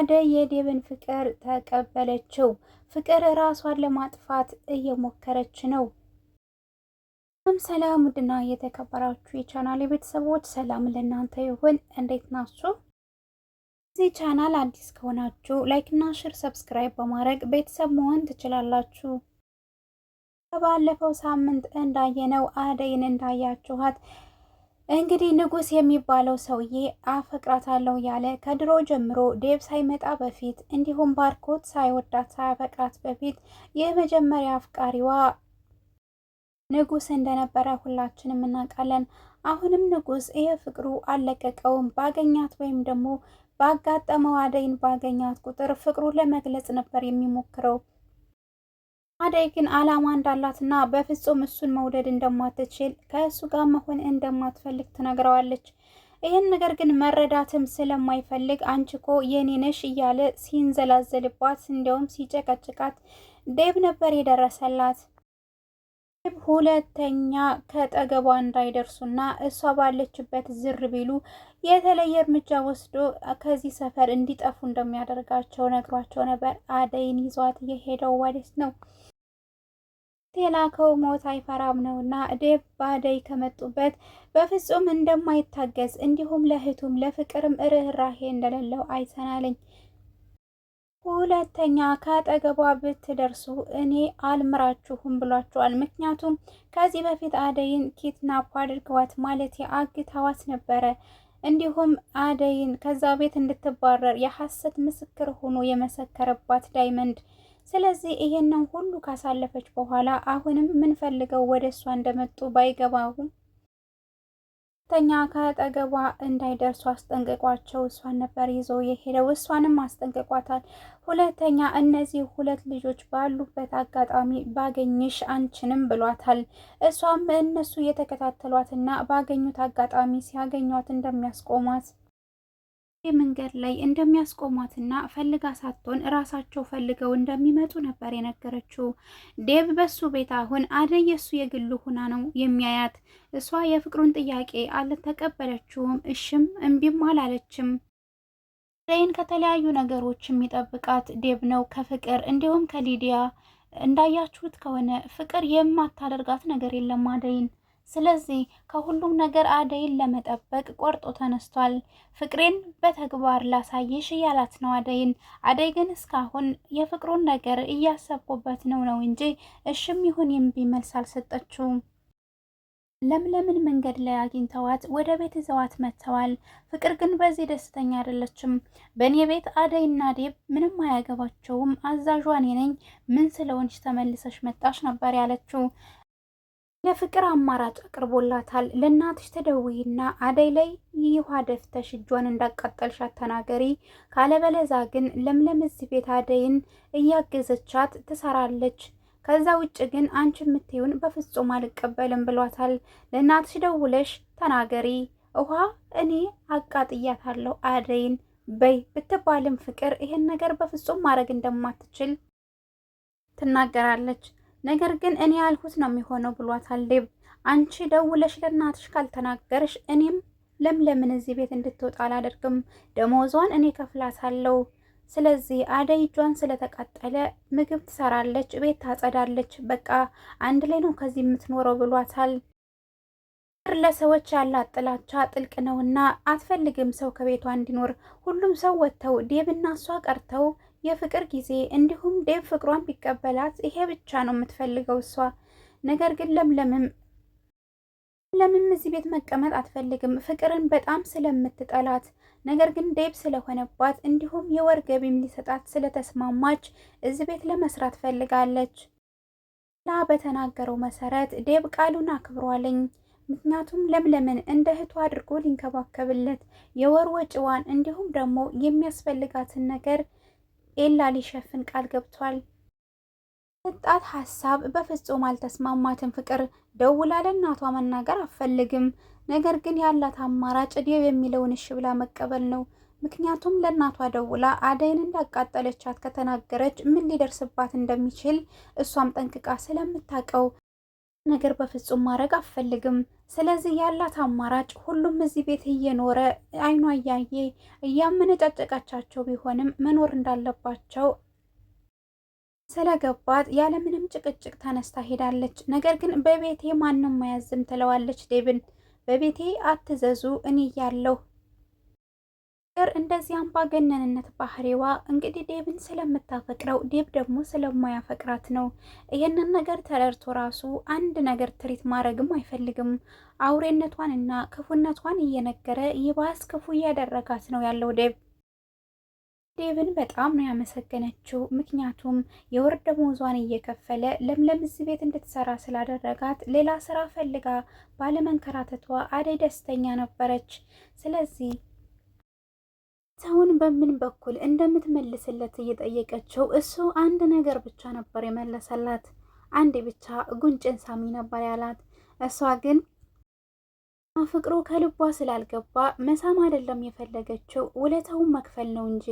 አደይ የዴብን ፍቅር ተቀበለችው። ፍቅር ራሷን ለማጥፋት እየሞከረች ነው። ሰላም ውድና የተከበራችሁ የቻናል የቤተሰቦች ሰላም ለእናንተ ይሁን። እንዴት ናችሁ? እዚህ ቻናል አዲስ ከሆናችሁ ላይክና ሽር ሰብስክራይብ በማድረግ ቤተሰብ መሆን ትችላላችሁ። ከባለፈው ሳምንት እንዳየነው አደይን እንዳያችኋት እንግዲህ ንጉስ የሚባለው ሰውዬ አፈቅራታለሁ ያለ ከድሮ ጀምሮ ዴብ ሳይመጣ በፊት እንዲሁም ባርኮት ሳይወዳት ሳያፈቅራት በፊት የመጀመሪያ አፍቃሪዋ ንጉስ እንደነበረ ሁላችንም እናውቃለን። አሁንም ንጉስ ይህ ፍቅሩ አልለቀቀውም። ባገኛት ወይም ደግሞ ባጋጠመው አደይን ባገኛት ቁጥር ፍቅሩ ለመግለጽ ነበር የሚሞክረው። አደይ ግን አላማ እንዳላትና በፍጹም እሱን መውደድ እንደማትችል ከእሱ ጋር መሆን እንደማትፈልግ ትነግረዋለች። ይህን ነገር ግን መረዳትም ስለማይፈልግ አንቺ እኮ የኔ ነሽ እያለ ሲንዘላዘልባት፣ እንዲያውም ሲጨቀጭቃት ዴብ ነበር የደረሰላት። ዴብ ሁለተኛ ከጠገቧ እንዳይደርሱና እሷ ባለችበት ዝር ቢሉ የተለየ እርምጃ ወስዶ ከዚህ ሰፈር እንዲጠፉ እንደሚያደርጋቸው ነግሯቸው ነበር። አደይን ይዟት የሄደው ወዴት ነው? የላከው ሞት አይፈራም ነውና ዴቭ ባደይ ከመጡበት በፍጹም እንደማይታገዝ እንዲሁም ለእህቱም ለፍቅርም ርኅራሄ እንደሌለው አይተናለኝ። ሁለተኛ ከአጠገቧ ብትደርሱ እኔ አልምራችሁም ብሏችኋል። ምክንያቱም ከዚህ በፊት አደይን ኪትናፕ አድርገዋት ማለት አግተዋት ነበረ። እንዲሁም አደይን ከዛ ቤት እንድትባረር የሐሰት ምስክር ሆኖ የመሰከረባት ዳይመንድ ስለዚህ ይሄንን ሁሉ ካሳለፈች በኋላ አሁንም ፈልገው ወደ እሷ እንደመጡ ባይገባውም ተኛ ከጠገቧ እንዳይደርሱ አስጠንቅቋቸው እሷን ነበር ይዞ የሄደው። እሷንም አስጠንቅቋታል። ሁለተኛ እነዚህ ሁለት ልጆች ባሉበት አጋጣሚ ባገኝሽ አንችንም ብሏታል። እሷም እነሱ የተከታተሏትና ባገኙት አጋጣሚ ሲያገኟት እንደሚያስቆሟት። መንገድ ላይ እንደሚያስቆሟትና ፈልጋ ሳትሆን እራሳቸው ፈልገው እንደሚመጡ ነበር የነገረችው። ዴቭ በሱ ቤት አሁን አደይ የሱ የግሉ ሁና ነው የሚያያት። እሷ የፍቅሩን ጥያቄ አልተቀበለችውም፣ እሽም እምቢም አላለችም። አደይን ከተለያዩ ነገሮች የሚጠብቃት ዴቭ ነው ከፍቅር እንዲሁም ከሊዲያ እንዳያችሁት ከሆነ ፍቅር የማታደርጋት ነገር የለም አደይን ስለዚህ ከሁሉም ነገር አደይን ለመጠበቅ ቆርጦ ተነስቷል። ፍቅሬን በተግባር ላሳየሽ እያላት ነው አደይን። አደይ ግን እስካሁን የፍቅሩን ነገር እያሰብኩበት ነው ነው እንጂ እሽም ይሁን እምቢ መልስ አልሰጠችውም። ለምለምን መንገድ ላይ አግኝተዋት ወደ ቤት ይዘዋት መጥተዋል። ፍቅር ግን በዚህ ደስተኛ አይደለችም። በእኔ ቤት አደይና ዴብ ምንም አያገባቸውም፣ አዛዧ እኔ ነኝ፣ ምን ስለሆንሽ ተመልሰሽ መጣሽ ነበር ያለችው። ለፍቅር አማራጭ አቅርቦላታል። ለእናትሽ ተደውይና አደይ ላይ ይህዋ ደፍተሽ እጇን እንዳቃጠልሽ ተናገሪ፣ ካለበለዛ ግን ለምለም እዚህ ቤት አደይን እያገዘቻት ትሰራለች። ከዛ ውጭ ግን አንቺ የምትዩን በፍጹም አልቀበልም ብሏታል። ለእናትሽ ደውለሽ ተናገሪ፣ ውሃ እኔ አቃጥያታለሁ አደይን በይ ብትባልም ፍቅር ይህን ነገር በፍጹም ማድረግ እንደማትችል ትናገራለች። ነገር ግን እኔ ያልሁት ነው የሚሆነው ብሏታል ዴቭ። አንቺ ደውለሽ ለእናትሽ ካልተናገርሽ እኔም ለምለምን እዚህ ቤት እንድትወጣ አላደርግም። ደሞዟን እኔ ከፍላታለሁ። ስለዚህ አደይ እጇን ስለተቃጠለ ምግብ ትሰራለች፣ ቤት ታጸዳለች። በቃ አንድ ላይ ነው ከዚህ የምትኖረው ብሏታል። ለሰዎች ያላት ጥላቻ ጥልቅ ነውና አትፈልግም ሰው ከቤቷ እንዲኖር። ሁሉም ሰው ወጥተው ዴብና እሷ ቀርተው የፍቅር ጊዜ እንዲሁም ዴቭ ፍቅሯን ቢቀበላት ይሄ ብቻ ነው የምትፈልገው እሷ። ነገር ግን ለምለምም ለምም እዚህ ቤት መቀመጥ አትፈልግም ፍቅርን በጣም ስለምትጠላት። ነገር ግን ዴብ ስለሆነባት እንዲሁም የወር ገቢም ሊሰጣት ስለተስማማች እዚህ ቤት ለመስራት ፈልጋለች። ላ በተናገረው መሰረት ዴብ ቃሉን አክብሯለኝ። ምክንያቱም ለምለምን እንደ እህቱ አድርጎ ሊንከባከብለት የወር ወጪዋን እንዲሁም ደግሞ የሚያስፈልጋትን ነገር ኤላ ሊሸፍን ቃል ገብቷል። ጣት ሀሳብ በፍጹም አልተስማማትም። ፍቅር ደውላ ለእናቷ መናገር አፈልግም፣ ነገር ግን ያላት አማራጭ ዴቭ የሚለውን እሺ ብላ መቀበል ነው። ምክንያቱም ለእናቷ ደውላ አደይን እንዳቃጠለቻት ከተናገረች ምን ሊደርስባት እንደሚችል እሷም ጠንቅቃ ስለምታውቀው ነገር በፍጹም ማድረግ አፈልግም። ስለዚህ ያላት አማራጭ ሁሉም እዚህ ቤት እየኖረ አይኗ እያየ እያመነጫጨቃቻቸው ቢሆንም መኖር እንዳለባቸው ስለገባት ያለምንም ጭቅጭቅ ተነስታ ሄዳለች። ነገር ግን በቤቴ ማንም አያዝም ትለዋለች ዴብን። በቤቴ አትዘዙ እኔ እያለሁ ፍቅር እንደዚህ አምባገነንነት ባህሪዋ እንግዲህ ዴብን ስለምታፈቅረው ዴብ ደግሞ ስለማያፈቅራት ነው። ይህንን ነገር ተረድቶ ራሱ አንድ ነገር ትሪት ማድረግም አይፈልግም። አውሬነቷን ክፉነቷን እየነገረ ይባስ ክፉ እያደረጋት ነው ያለው ዴብ። ዴብን በጣም ነው ያመሰገነችው። ምክንያቱም የወር ደመወዟን እየከፈለ ለምለም እዚህ ቤት እንድትሰራ ስላደረጋት ሌላ ስራ ፈልጋ ባለመንከራተቷ አደይ ደስተኛ ነበረች። ስለዚህ ሰውን በምን በኩል እንደምትመልስለት እየጠየቀችው እሱ አንድ ነገር ብቻ ነበር የመለሰላት። አንዴ ብቻ ጉንጭን ሳሚ ነበር ያላት። እሷ ግን ፍቅሩ ከልቧ ስላልገባ መሳም አይደለም የፈለገችው ውለታውን መክፈል ነው እንጂ።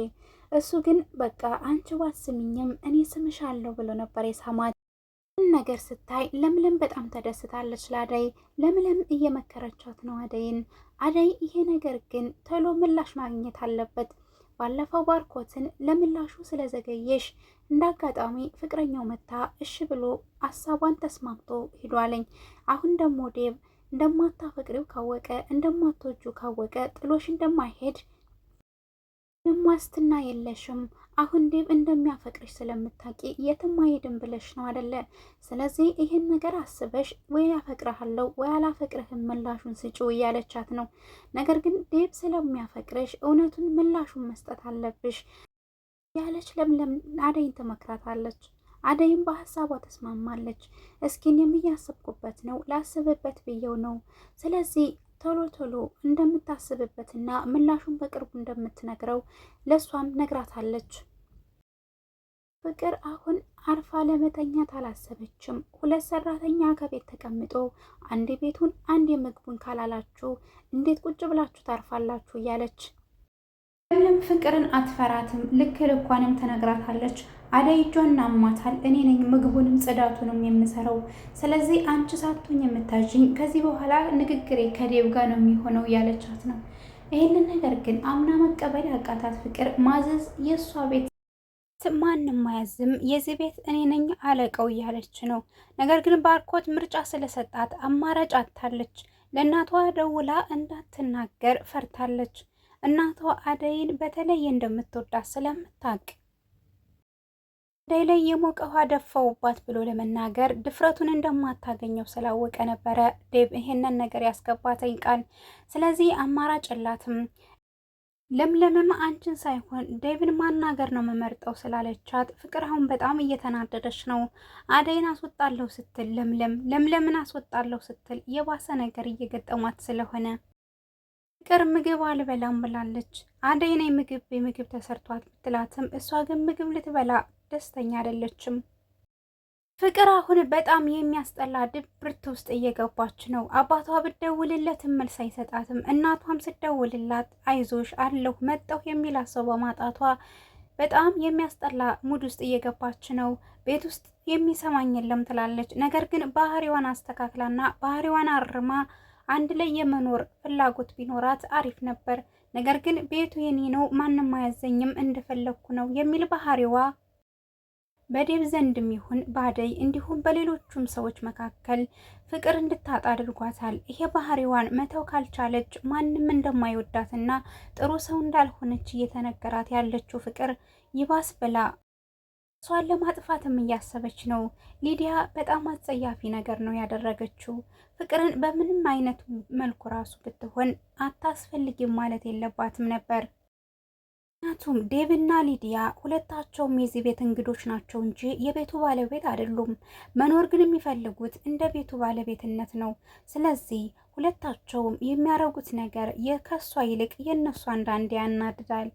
እሱ ግን በቃ አንቺ ባትስሚኝም እኔ ስምሻለሁ ብሎ ነበር የሳማት። ነገር ስታይ ለምለም በጣም ተደስታለች። ለአደይ ለምለም እየመከረቻት ነው አደይን። አደይ ይሄ ነገር ግን ቶሎ ምላሽ ማግኘት አለበት። ባለፈው ባርኮትን ለምላሹ ስለዘገየሽ እንደ አጋጣሚ ፍቅረኛው መታ እሺ ብሎ አሳቧን ተስማምቶ ሂዷለኝ። አሁን ደግሞ ዴብ እንደማታፈቅሪው ካወቀ እንደማትወጁ ካወቀ ጥሎሽ እንደማይሄድ ምንም ዋስትና የለሽም። አሁን ዴብ እንደሚያፈቅርሽ ስለምታቂ የትም አይሄድም ብለሽ ነው አደለ? ስለዚህ ይህን ነገር አስበሽ ወይ አፈቅርሃለሁ ወይ አላፈቅርህም ምላሹን ስጪው እያለቻት ነው። ነገር ግን ዴብ ስለሚያፈቅርሽ እውነቱን ምላሹን መስጠት አለብሽ ያለች ለምለም አደይን ትመክራታለች። አደይም በሀሳቧ ተስማማለች። እስኪ እኔም ነው ላስብበት ብየው ነው። ስለዚህ ቶሎ ቶሎ እንደምታስብበትና ምላሹን በቅርቡ እንደምትነግረው ለእሷም ነግራታለች። ፍቅር አሁን አርፋ ለመተኛት አላሰበችም። ሁለት ሰራተኛ ከቤት ተቀምጦ አንድ ቤቱን አንድ የምግቡን ካላላችሁ እንዴት ቁጭ ብላችሁ ታርፋላችሁ እያለች ምንም ፍቅርን አትፈራትም። ልክ ልኳንም ተነግራታለች። አደይ እጇን ናሟታል። እኔ ነኝ ምግቡንም ጽዳቱንም የምሰራው፣ ስለዚህ አንቺ ሳቶኝ የምታዥኝ። ከዚህ በኋላ ንግግሬ ከዴብ ጋር ነው የሚሆነው ያለቻት ነው። ይህንን ነገር ግን አምና መቀበል ያቃታት ፍቅር ማዘዝ የእሷ ቤት ማንም አያዝም፣ የዚህ ቤት እኔ ነኝ አለቀው እያለች ነው። ነገር ግን ባርኮት ምርጫ ስለሰጣት አማራጭ አታለች። ለእናቷ ደውላ እንዳትናገር ፈርታለች። እናቷ አደይን በተለየ እንደምትወዳት ስለምታውቅ አደይ ላይ የሞቀ ውሃ ደፋውባት ብሎ ለመናገር ድፍረቱን እንደማታገኘው ስላወቀ ነበረ ዴብ ይሄንን ነገር ያስገባተኝ ቃል። ስለዚህ አማራጭ የላትም። ለምለምም አንቺን ሳይሆን ዴብን ማናገር ነው መመርጠው ስላለቻት ፍቅር አሁን በጣም እየተናደደች ነው። አደይን አስወጣለሁ ስትል ለምለም ለምለምን አስወጣለሁ ስትል የባሰ ነገር እየገጠማት ስለሆነ ፍቅር ምግብ አልበላም ብላለች። አደይ ነኝ ምግብ የምግብ ተሰርቷት ብትላትም እሷ ግን ምግብ ልትበላ ደስተኛ አይደለችም። ፍቅር አሁን በጣም የሚያስጠላ ድብርት ውስጥ እየገባች ነው። አባቷ ብደውልለት መልስ አይሰጣትም። እናቷም ስደውልላት አይዞሽ አለሁ መጣሁ የሚላት ሰው በማጣቷ በጣም የሚያስጠላ ሙድ ውስጥ እየገባች ነው። ቤት ውስጥ የሚሰማኝ የለም ትላለች። ነገር ግን ባህሪዋን አስተካክላና ባህሪዋን አርማ አንድ ላይ የመኖር ፍላጎት ቢኖራት አሪፍ ነበር። ነገር ግን ቤቱ የኔ ነው፣ ማንም አያዘኝም፣ እንደፈለግኩ ነው የሚል ባህሪዋ በዴብ ዘንድም ይሁን ባደይ እንዲሁም በሌሎቹም ሰዎች መካከል ፍቅር እንድታጣ አድርጓታል። ይሄ ባህሪዋን መተው ካልቻለች ማንም እንደማይወዳትና ጥሩ ሰው እንዳልሆነች እየተነገራት ያለችው ፍቅር ይባስ ብላ እሷን ለማጥፋትም እያሰበች ነው። ሊዲያ በጣም አጸያፊ ነገር ነው ያደረገችው። ፍቅርን በምንም አይነት መልኩ ራሱ ብትሆን አታስፈልጊም ማለት የለባትም ነበር። ምክንያቱም ዴቭና ሊዲያ ሁለታቸውም የዚህ ቤት እንግዶች ናቸው እንጂ የቤቱ ባለቤት አይደሉም። መኖር ግን የሚፈልጉት እንደ ቤቱ ባለቤትነት ነው። ስለዚህ ሁለታቸውም የሚያረጉት ነገር የከሷ ይልቅ የእነሱ አንዳንዴ ያናድዳል።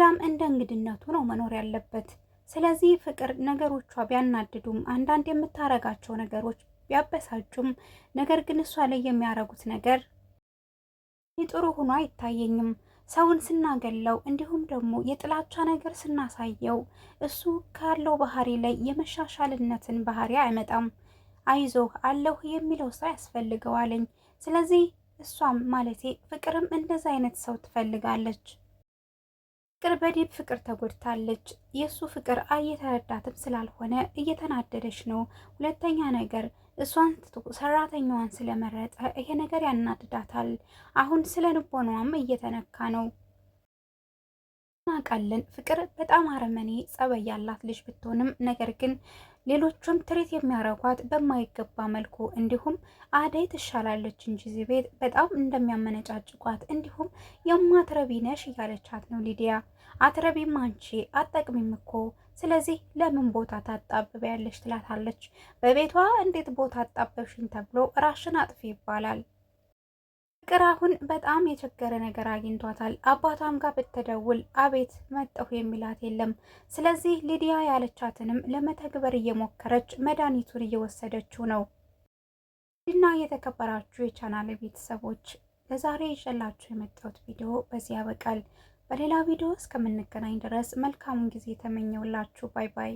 ዳም እንደ እንግድነቱ ነው መኖር ያለበት። ስለዚህ ፍቅር ነገሮቿ ቢያናድዱም አንዳንድ የምታረጋቸው ነገሮች ቢያበሳጩም ነገር ግን እሷ ላይ የሚያረጉት ነገር ጥሩ ሆኖ አይታየኝም። ሰውን ስናገለው እንዲሁም ደግሞ የጥላቻ ነገር ስናሳየው እሱ ካለው ባህሪ ላይ የመሻሻልነትን ባህሪ አይመጣም። አይዞህ አለሁ የሚለው ሰው ያስፈልገዋለኝ። ስለዚህ እሷም ማለቴ ፍቅርም እንደዛ አይነት ሰው ትፈልጋለች። ፍቅር በዲብ ፍቅር ተጎድታለች። የእሱ ፍቅር እየተረዳትም ስላልሆነ እየተናደደች ነው። ሁለተኛ ነገር እሷን ሰራተኛዋን ስለመረጠ ይሄ ነገር ያናድዳታል። አሁን ስለ ልቦናዋም እየተነካ ነው። እናውቃለን ፍቅር በጣም አረመኔ ጸበይ ያላት ልጅ ብትሆንም ነገር ግን ሌሎቹም ትሬት የሚያረጓት በማይገባ መልኩ እንዲሁም አደይ ትሻላለች እንጂ እዚህ ቤት በጣም እንደሚያመነጫጭቋት እንዲሁም የማትረቢ ነሽ እያለቻት ነው ሊዲያ። አትረቢም አንቺ አጠቅሚም እኮ ስለዚህ ለምን ቦታ ታጣብቢያለሽ? ትላታለች። በቤቷ እንዴት ቦታ አጣበብሽኝ ተብሎ ራሽን አጥፊ ይባላል። ፍቅር አሁን በጣም የቸገረ ነገር አግኝቷታል። አባቷም ጋር ብትደውል አቤት መጠሁ የሚላት የለም። ስለዚህ ሊዲያ ያለቻትንም ለመተግበር እየሞከረች መድኃኒቱን እየወሰደችው ነው። እና የተከበራችሁ የቻናል ቤተሰቦች ለዛሬ ይዤላችሁ የመጣሁት ቪዲዮ በዚህ ያበቃል። በሌላ ቪዲዮ እስከምንገናኝ ድረስ መልካሙን ጊዜ ተመኘውላችሁ። ባይ ባይ።